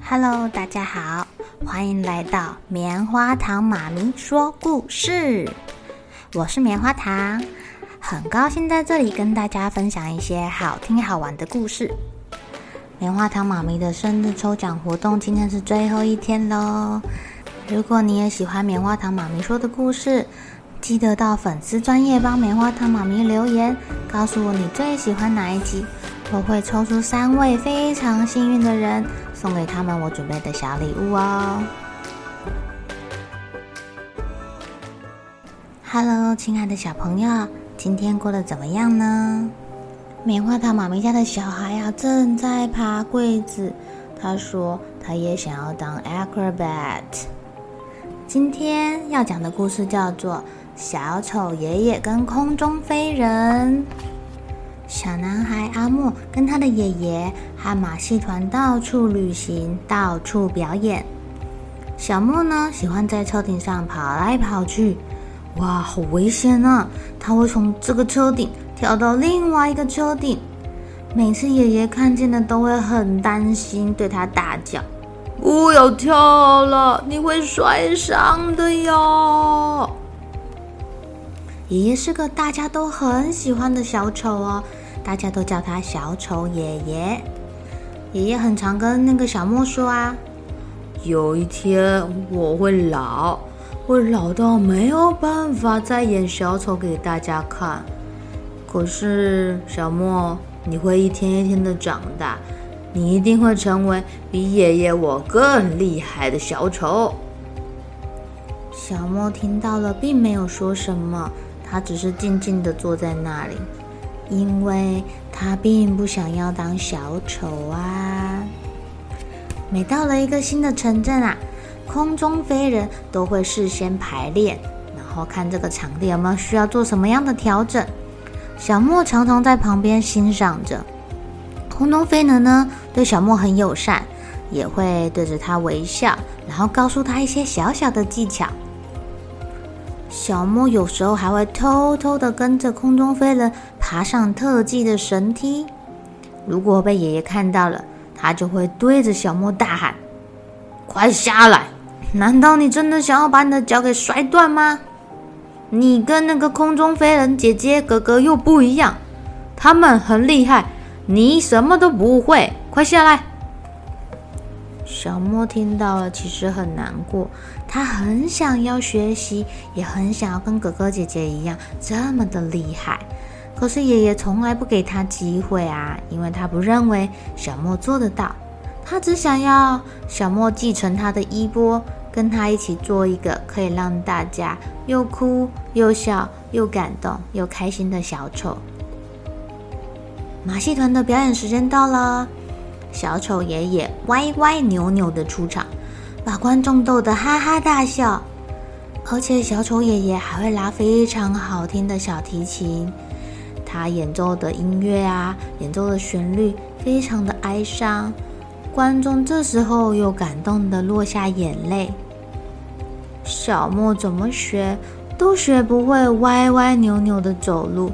哈嘍，大家好，歡迎來到棉花糖媽咪說故事。我是棉花糖，很高興在這裡跟大家分享一些好聽好玩的故事。棉花糖媽咪的生日抽獎活動今天是最後一天嘍！如果你也喜歡棉花糖媽咪說的故事，記得到粉絲專頁幫棉花糖媽咪留言，告訴我你最喜歡哪一集。我會抽出三位非常幸運的人，送給他們我準備的小禮物哦。Hello，親愛的小朋友，今天過得怎麼樣呢？棉花糖媽咪家的小孩呀，正在爬櫃子，他說他也想要當 acrobat。今天要講的故事叫做《小丑爺爺跟空中飛人》。小男孩阿莫跟他的爺爺和馬戲團，到處旅行，到處表演。小莫呢，喜歡在車頂上跑來跑去。哇，好危險啊！他會從這個車頂跳到另外一個車頂。每次爺爺看見的都會很擔心，對他大叫：“不要跳了，你會摔傷的喲！”爺爺是個大家都很喜歡的小丑哦。大家都叫他小丑爺爺。爺爺很常跟那個小莫說啊：“有一天我會老，我老到沒有辦法再演小丑給大家看。可是小莫，你會一天一天的長大，你一定會成為比爺爺我更厲害的小丑。”小莫聽到了，並沒有說什麼，他只是靜靜的坐在那裡。因為他並不想要當小丑啊。每到了一個新的城鎮啊，空中飛人都會事先排練，然後看這個場地有沒有需要做什麼樣的調整。小莫常常在旁邊欣賞着，空中飛人呢，對小莫很友善，也會對着他微笑，然後告訴他一些小小的技巧。小莫有時候還會偷偷的跟着空中飛人爬上特技的繩梯。如果被爺爺看到了，他就會對着小莫大喊：“快下來！難道你真的想要把你的腳給摔斷嗎？你跟那個空中飛人姐姐、哥哥又不一樣，他們很厲害，你什麼都不會。快下來！”小莫聽到了，其實很難過。他很想要學習，也很想要跟哥哥姐姐一樣這麼的厲害，可是爺爺從來不給他機會啊，因為他不認為小莫做得到。他只想要小莫繼承他的衣缽，跟他一起做一個可以讓大家又哭又笑、又感動又開心的小丑。馬戲團的表演時間到了，小丑爺爺歪歪扭扭的出場。把觀眾逗得哈哈大笑，而且小丑爺爺還會拉非常好聽的小提琴，他演奏的音樂啊，演奏的旋律非常的哀傷，觀眾這時候又感動的落下眼淚。小莫怎麼學都學不會歪歪扭扭的走路，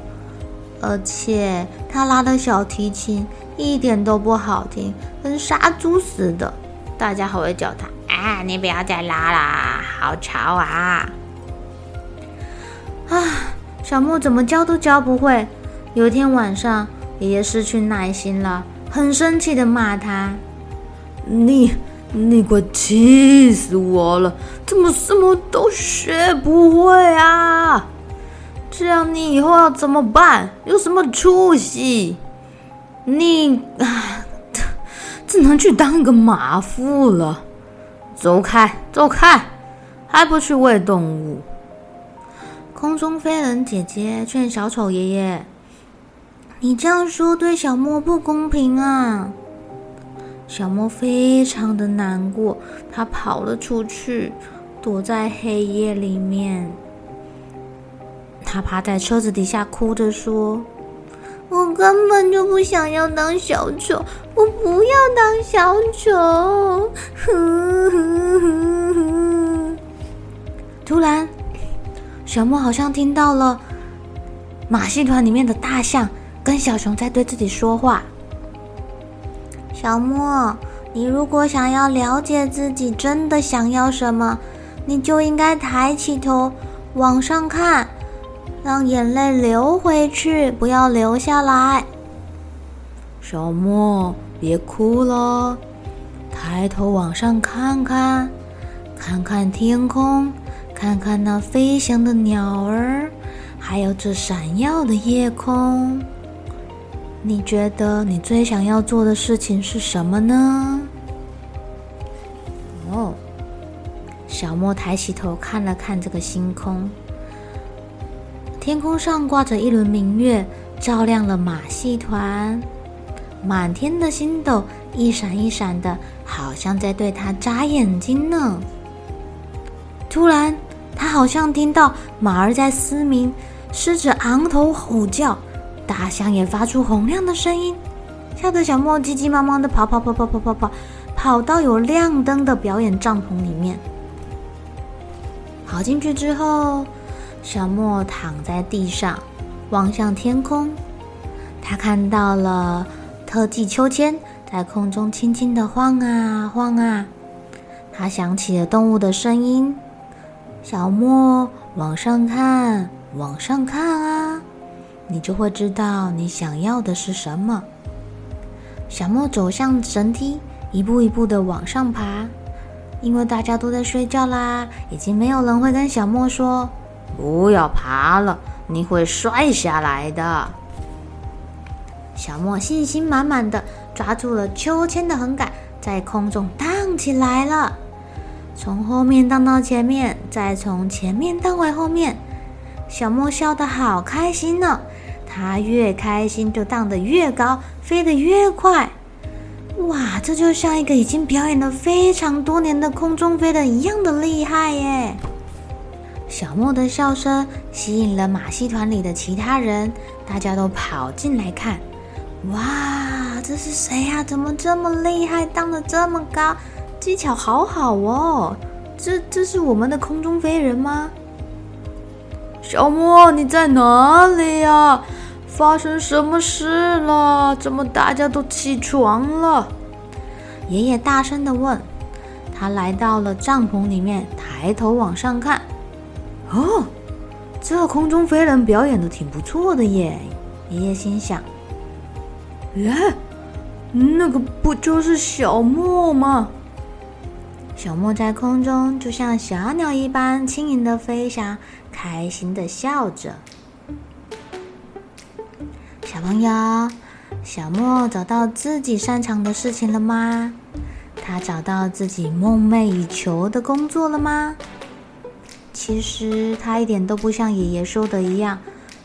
而且他拉的小提琴一點都不好聽，跟殺豬似的，大家還會叫他。啊！你不要再拉啦，好吵啊！啊，小莫怎麼教都教不會。有一天晚上，爺爺失去耐心了，很生氣的罵他：“你你快氣死我了！怎麼什麼都學不會啊？這樣你以後要怎麼辦？有什麼出息？你啊，只能去當一個馬夫了。”走開，走開，還不去餵動物？空中飛人姐姐勸小丑爺爺：“你這樣說對小莫不公平啊！”小莫非常的難過，他跑了出去，躲在黑夜裡面。他趴在車子底下，哭着說。我根本就不想要當小丑，我不要當小丑。哼哼哼哼。突然，小莫好像聽到了馬戲團裡面的大象跟小熊在對自己說話：“小莫，你如果想要了解自己真的想要什麼，你就應該抬起頭，往上看。”讓眼淚流回去，不要流下來。小莫，別哭了，抬頭往上看看，看看天空，看看那飛翔的鳥兒，還有這閃耀的夜空。你覺得你最想要做的事情是什麼呢？哦，小莫抬起頭看了看這個星空。天空上掛着一輪明月，照亮了馬戲團。滿天的星斗一閃一閃的，好像在對他眨眼睛呢。突然，他好像聽到馬兒在嘶鳴，獅子昂頭吼叫，大象也發出洪亮的聲音，嚇得小莫急急忙忙的跑跑跑跑跑跑跑，跑到有亮燈的表演帳篷裡面。跑進去之後。小莫躺在地上，望向天空。他看到了特技秋千在空中輕輕的晃啊晃啊。他想起了動物的聲音。小莫往上看，往上看啊，你就會知道你想要的是什麼。小莫走向繩梯，一步一步的往上爬。因為大家都在睡覺啦，已經沒有人會跟小莫說。不要爬了，你會摔下來的。小莫信心滿滿的抓住了秋千的橫桿，在空中盪起來了，從後面盪到前面，再從前面盪回後面。小莫笑得好開心呢、哦，他越開心就盪得越高，飛得越快。哇，這就像一個已經表演了非常多年的空中飛人一樣的厲害耶！小莫的笑聲吸引了馬戲團裡的其他人，大家都跑進來看。哇，這是誰呀？怎麼這麼厲害，盪得這麼高，技巧好好哦！這這是我們的空中飛人嗎？小莫，你在哪裡呀？發生什麼事了？怎麼大家都起床了？爺爺大聲的問，他來到了帳篷裡面，抬頭往上看。哦，這空中飛人表演的挺不錯的耶！爺爺心想。耶，那個不就是小莫嗎？小莫在空中就像小鳥一般輕盈的飛翔，開心的笑着。小朋友，小莫找到自己擅長的事情了嗎？他找到自己夢寐以求的工作了嗎？其實他一點都不像爺爺說的一樣，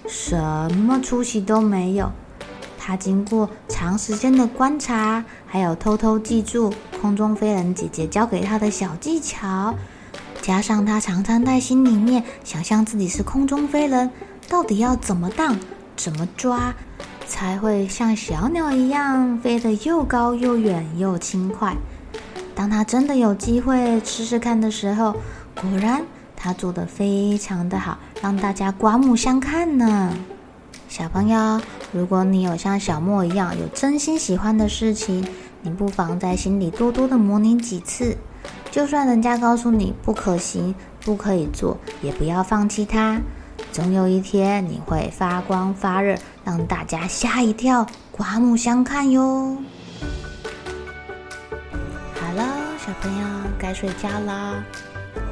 什麼出息都沒有。他經過長時間的觀察，還有偷偷記住空中飛人姐姐教給他的小技巧，加上他常常在心裡面想象自己是空中飛人，到底要怎麼盪、怎麼抓，才會像小鳥一樣飛得又高又遠又輕快。當他真的有機會試試看的時候，果然。他做得非常的好，讓大家刮目相看呢。小朋友，如果你有像小莫一樣有真心喜歡的事情，你不妨在心裡多多的模擬幾次。就算人家告訴你不可行、不可以做，也不要放棄它。總有一天你會發光發熱，讓大家嚇一跳、刮目相看喲。好了，小朋友，該睡覺了。